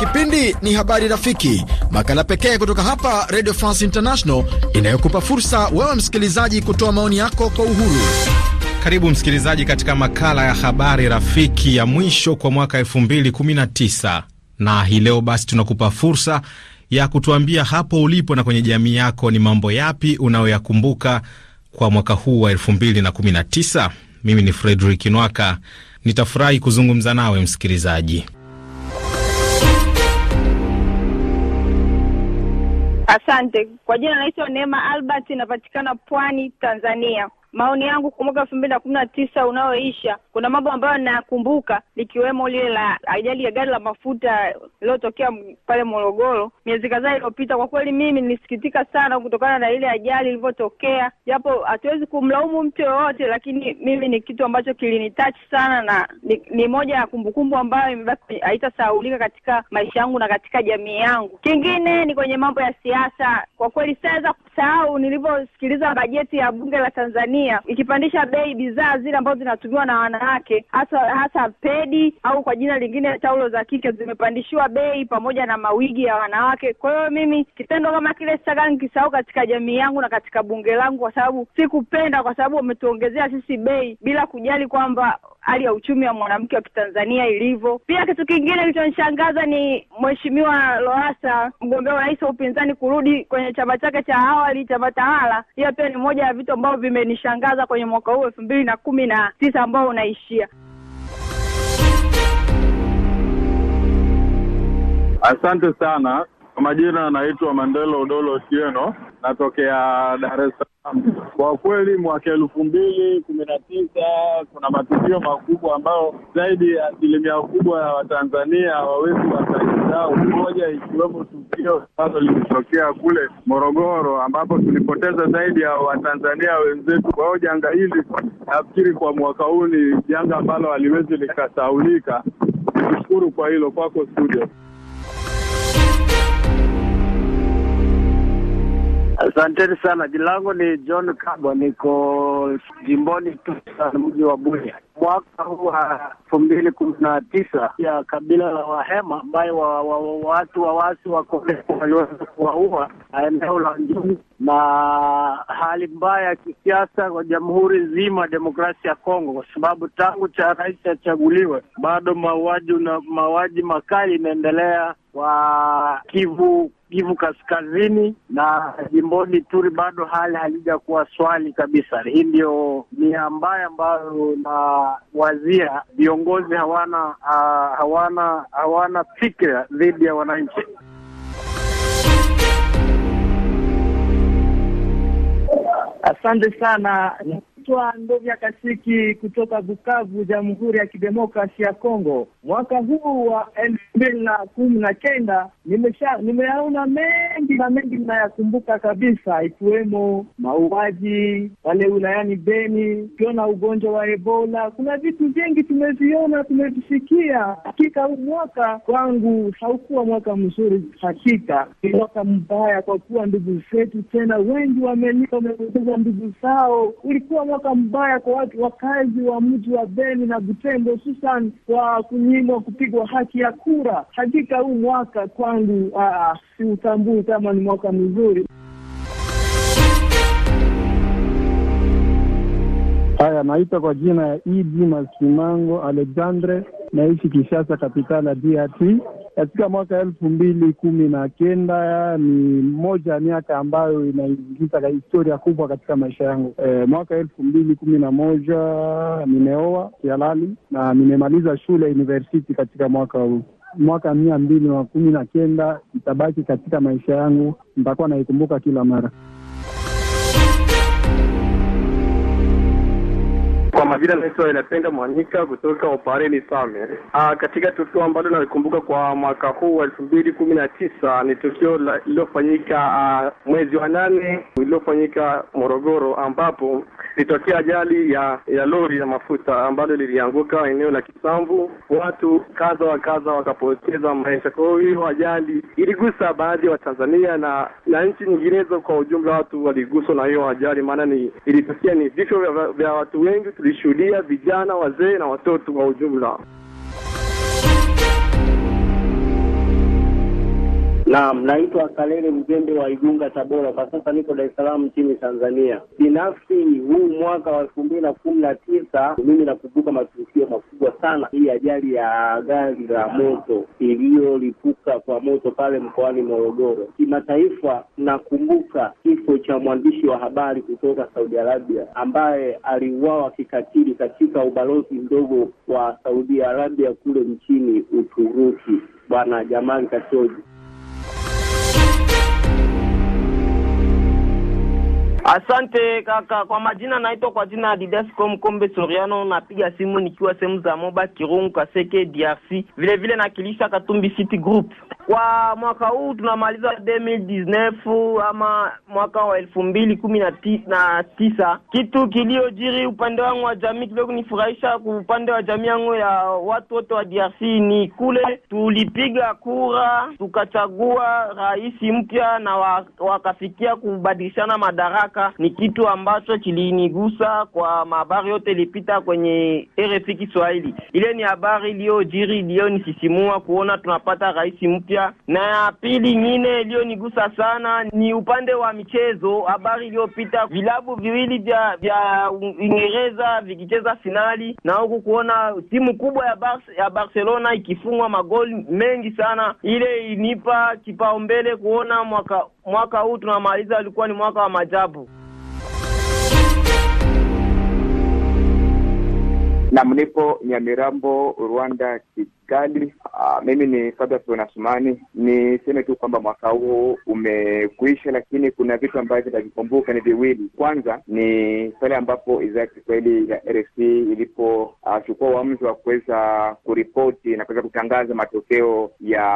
Kipindi ni Habari Rafiki, makala pekee kutoka hapa Radio France International inayokupa fursa wewe msikilizaji kutoa maoni yako kwa uhuru. Karibu msikilizaji katika makala ya Habari Rafiki ya mwisho kwa mwaka 2019 na hii leo basi tunakupa fursa ya kutuambia hapo ulipo na kwenye jamii yako ni mambo yapi unayoyakumbuka kwa mwaka huu wa 2019. Mimi ni Frederick Nwaka Nitafurahi kuzungumza nawe msikilizaji. Asante. Kwa jina naitwa Neema Albert, inapatikana Pwani, Tanzania. Maoni yangu kwa mwaka elfu mbili na kumi na tisa unaoisha, kuna mambo ambayo nayakumbuka likiwemo lile la ajali ya gari la mafuta iliyotokea pale Morogoro miezi kadhaa iliyopita. Kwa kweli mimi nilisikitika sana kutokana na ile ajali ilivyotokea, japo hatuwezi kumlaumu mtu yoyote, lakini mimi ni kitu ambacho kilinitachi sana na ni, ni moja ya kumbukumbu ambayo imebaki haitasahaulika katika maisha yangu na katika jamii yangu. Kingine ni kwenye mambo ya siasa, kwa kweli sinaweza kusahau nilivyosikiliza bajeti ya bunge la Tanzania Tanzania ikipandisha bei bidhaa zile ambazo zinatumiwa na wanawake, hasa hasa pedi au kwa jina lingine taulo za kike zimepandishiwa bei pamoja na mawigi ya wanawake. Kwa hiyo mimi kitendo kama kile sitaka nikisahau katika jamii yangu na katika bunge langu, kwa sababu sikupenda, kwa sababu wametuongezea sisi bei bila kujali kwamba hali ya uchumi wa mwanamke wa Kitanzania ilivyo. Pia kitu kingine kilichonishangaza ni Mheshimiwa loasa mgombea rais wa upinzani, kurudi kwenye chama chake cha awali, chama tawala. Hiyo pia ni moja ya vitu ambavyo vimenishangaza kwenye mwaka huu elfu mbili na kumi na tisa ambao unaishia. Asante sana. kwa Majina anaitwa Mandela Odolo Otieno natokea Dar es Salaam. Kwa kweli mwaka elfu mbili kumi na tisa kuna matukio makubwa ambayo zaidi ya asilimia kubwa ya Watanzania hawawezi wakaisahau, moja ikiwemo tukio ambalo limetokea kule Morogoro ambapo tulipoteza zaidi ya Watanzania wenzetu. Kwa hiyo janga hili nafikiri kwa mwaka huu ni janga ambalo haliwezi likasaulika. Nikushukuru kwa hilo, kwako studio. Asanteni sana. Jina langu ni John Kabo, niko jimboni Tusa, mji wa Buya. Mwaka huu wa elfu mbili kumi na tisa ya kabila la Wahema ambayo wa, wa, wa, watu wawasi wakole waliweza kuwaua eneo la Njuni, na hali mbaya ya kisiasa kwa jamhuri nzima ya demokrasia ya Kongo, kwa sababu tangu cha rais achaguliwe bado mauaji na mauaji makali inaendelea wa Kivu Kivu Kaskazini na jimboni Turi bado hali halijakuwa swali kabisa. Hii ndio ni ambayo ambayo wazia viongozi hawana uh, hawana hawana fikra dhidi ya wananchi. Asante sana Naitwa Ndovya Kasiki kutoka Bukavu, Jamhuri ya Kidemokrasi ya Kongo. Mwaka huu wa elfu mbili na kumi na kenda nimesha nimeyaona mengi na mengi nayakumbuka kabisa, ikiwemo mauaji pale wilayani Beni, ukiona ugonjwa wa Ebola. Kuna vitu vingi tumeviona, tumevisikia. Hakika huu mwaka kwangu haukuwa mwaka mzuri, hakika ni mwaka mbaya, kwa kuwa ndugu zetu tena wengi wamelia, wamepoteza ndugu zao. Ulikuwa mwaka mbaya kwa watu wakazi wa mji wa Beni na Butembo, hususan kwa kunyimwa kupigwa haki ya kura. Hakika huu mwaka kwangu wangu ah, ah, siutambui kama ni mwaka mzuri. Haya, naitwa kwa jina ya Idi e Masimango Alexandre, naishi Kishasa, ya DRC. Katika mwaka elfu mbili kumi na kenda ni moja ya miaka ambayo inaingiza historia kubwa katika maisha yangu. E, mwaka elfu mbili kumi na moja nimeoa kihalali na nimemaliza shule university katika mwaka huu mwaka mia mbili na kumi na kenda itabaki katika maisha yangu, nitakuwa naikumbuka kila mara. majina naitwa Inapenda Mwanika kutoka Opareni Same. Ah, katika tukio ambalo nalikumbuka kwa mwaka huu wa elfu mbili kumi na tisa ni tukio lililofanyika ah, mwezi wa nane lililofanyika Morogoro, ambapo ilitokea ajali ya ya lori ya mafuta ambalo lilianguka eneo la Kisambu, watu kadha wa kadha wakapoteza maisha. Kwa hiyo ajali iligusa baadhi ya wa Watanzania na na nchi nyinginezo kwa ujumla, watu waliguswa na hiyo ajali, maana ni ilitokea, ni vifo vya, vya watu wengi tulish tumeshuhudia vijana, wazee na watoto kwa ujumla. Naam, naitwa Kalele Mzembe wa Igunga, Tabora. Kwa sasa niko Dar es Salaam nchini Tanzania. Binafsi huu mwaka wa elfu mbili na kumi na tisa mimi nakumbuka matukio makubwa sana, hii ajali ya gari la moto iliyolipuka kwa moto pale mkoani Morogoro. Kimataifa nakumbuka kifo cha mwandishi wa habari kutoka Saudi Arabia ambaye aliuawa kikatili katika ubalozi mdogo wa Saudi Arabia kule nchini Uturuki, Bwana Jamali Khashoggi. Asante kaka. Kwa majina naitwa kwa jina Didasco Mkombe Soriano, napiga simu nikiwa sehemu za Moba Kirungu, Kaseke, DRC. Vile vile nakilisha Katumbi City Group kwa mwaka huu tunamaliza 2019 ama mwaka wa elfu mbili kumi na tisa. Kitu kiliyojiri upande wangu wa jamii kidogo nifurahisha kwa upande wa jamii yangu ya watu wote wa DRC ni kule tulipiga kura tukachagua rais mpya na wa, wakafikia kubadilishana madaraka. Ni kitu ambacho kilinigusa kwa habari yote ilipita kwenye RFI Kiswahili. Ile ni habari iliyojiri iliyonisisimua kuona tunapata rais mpya moja, na ya pili nyingine iliyonigusa sana ni upande wa michezo. Habari iliyopita vilabu viwili vya vya Uingereza vikicheza finali, na huku kuona timu kubwa ya, Bar ya Barcelona ikifungwa magoli mengi sana, ile inipa kipaumbele kuona mwaka mwaka huu tunamaliza, ulikuwa ni mwaka wa majabu. na Nyamirambo, Rwanda, serikali. Ah, mimi ni Fabius Bonasumani, niseme tu kwamba mwaka huu umekuisha, lakini kuna vitu ambavyo vitavikumbuka ni viwili. Kwanza ni pale ambapo idhaa ya Kiswahili ya RFI ilipochukua ah, uh, uamuzi wa kuweza kuripoti na kuweza kutangaza matokeo ya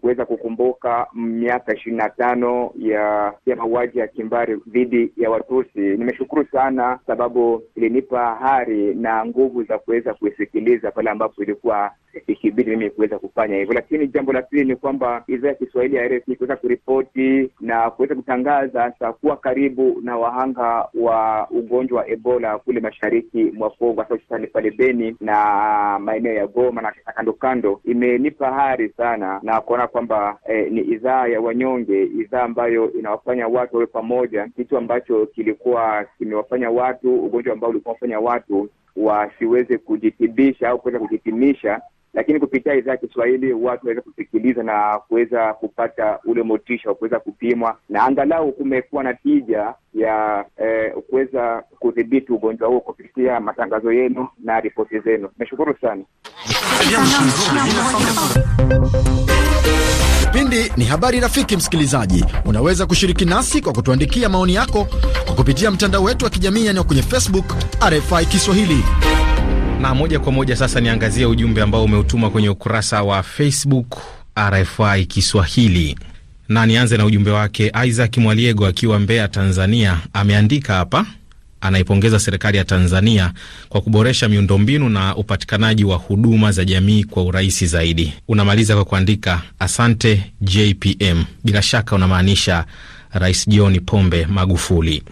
kuweza kukumbuka miaka ishirini na tano ya ya mauaji ya kimbari dhidi ya Watusi. Nimeshukuru sana, sababu ilinipa hari na nguvu za kuweza kuisikiliza pale ambapo ilikuwa ikibidi mimi kuweza kufanya hivyo. Lakini jambo la pili ni kwamba idhaa ya Kiswahili ya RFI kuweza kuripoti na kuweza kutangaza hasa kuwa karibu na wahanga wa ugonjwa wa Ebola kule mashariki mwa Kongo, hasa hususani pale Beni na maeneo ya Goma na kando kando, imenipa hari sana na kuona kwamba eh, ni idhaa ya wanyonge, idhaa ambayo inawafanya watu wawe pamoja, kitu ambacho kilikuwa kimewafanya watu, ugonjwa ambao ulikuwa wafanya watu wasiweze kujitibisha au kuweza kujitimisha lakini kupitia idhaa ya Kiswahili watu waweza kusikiliza na kuweza kupata ule motisha wa kuweza kupimwa na angalau kumekuwa na tija ya eh, kuweza kudhibiti ugonjwa huo kupitia matangazo yenu na ripoti zenu. Nashukuru sana. Kipindi ni habari rafiki. Msikilizaji, unaweza kushiriki nasi kwa kutuandikia maoni yako kwa kupitia mtandao wetu wa kijamii, yaani kwenye Facebook RFI Kiswahili. Na moja kwa moja sasa niangazie ujumbe ambao umeutuma kwenye ukurasa wa Facebook RFI Kiswahili, na nianze na ujumbe wake Isaac Mwaliego akiwa Mbeya, Tanzania. Ameandika hapa, anaipongeza serikali ya Tanzania kwa kuboresha miundombinu na upatikanaji wa huduma za jamii kwa urahisi zaidi. Unamaliza kwa kuandika asante JPM, bila shaka unamaanisha Rais John Pombe Magufuli.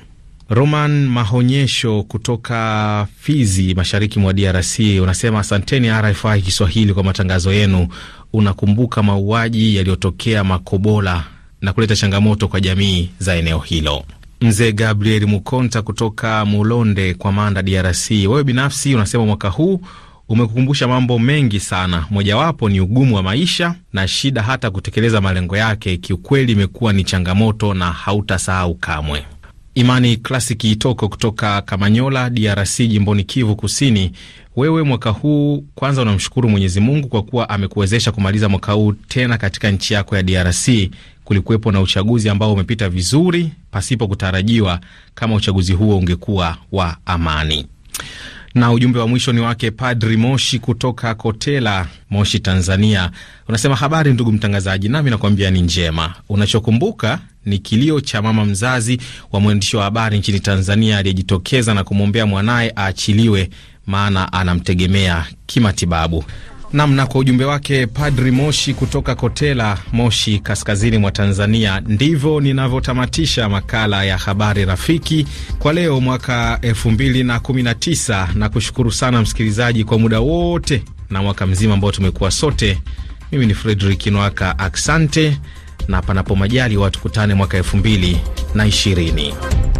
Roman Mahonyesho kutoka Fizi, mashariki mwa DRC, unasema asanteni RFI Kiswahili kwa matangazo yenu. Unakumbuka mauaji yaliyotokea Makobola na kuleta changamoto kwa jamii za eneo hilo. Mzee Gabriel Mukonta kutoka Mulonde kwa Manda, DRC, wewe binafsi unasema mwaka huu umekukumbusha mambo mengi sana, mojawapo ni ugumu wa maisha na shida hata kutekeleza malengo yake. Kiukweli imekuwa ni changamoto na hautasahau kamwe. Imani Klasiki Itoko kutoka Kamanyola, DRC, jimboni Kivu Kusini. Wewe mwaka huu kwanza unamshukuru Mwenyezi Mungu kwa kuwa amekuwezesha kumaliza mwaka huu tena katika nchi yako ya DRC. Kulikuwepo na uchaguzi ambao umepita vizuri pasipo kutarajiwa, kama uchaguzi huo ungekuwa wa amani. Na ujumbe wa mwisho ni wake Padri Moshi kutoka Kotela, Moshi, Tanzania. Unasema habari ndugu mtangazaji, nami nakwambia ni njema. Unachokumbuka ni kilio cha mama mzazi wa mwandishi wa habari nchini Tanzania aliyejitokeza na kumwombea mwanaye aachiliwe, maana anamtegemea kimatibabu namna kwa ujumbe wake Padri Moshi kutoka Kotela, Moshi, kaskazini mwa Tanzania. Ndivyo ninavyotamatisha makala ya habari rafiki kwa leo mwaka 2019 na kushukuru sana msikilizaji kwa muda wote na mwaka mzima ambao tumekuwa sote. Mimi ni Fredrik Nwaka, aksante na panapo majali watukutane mwaka 2020.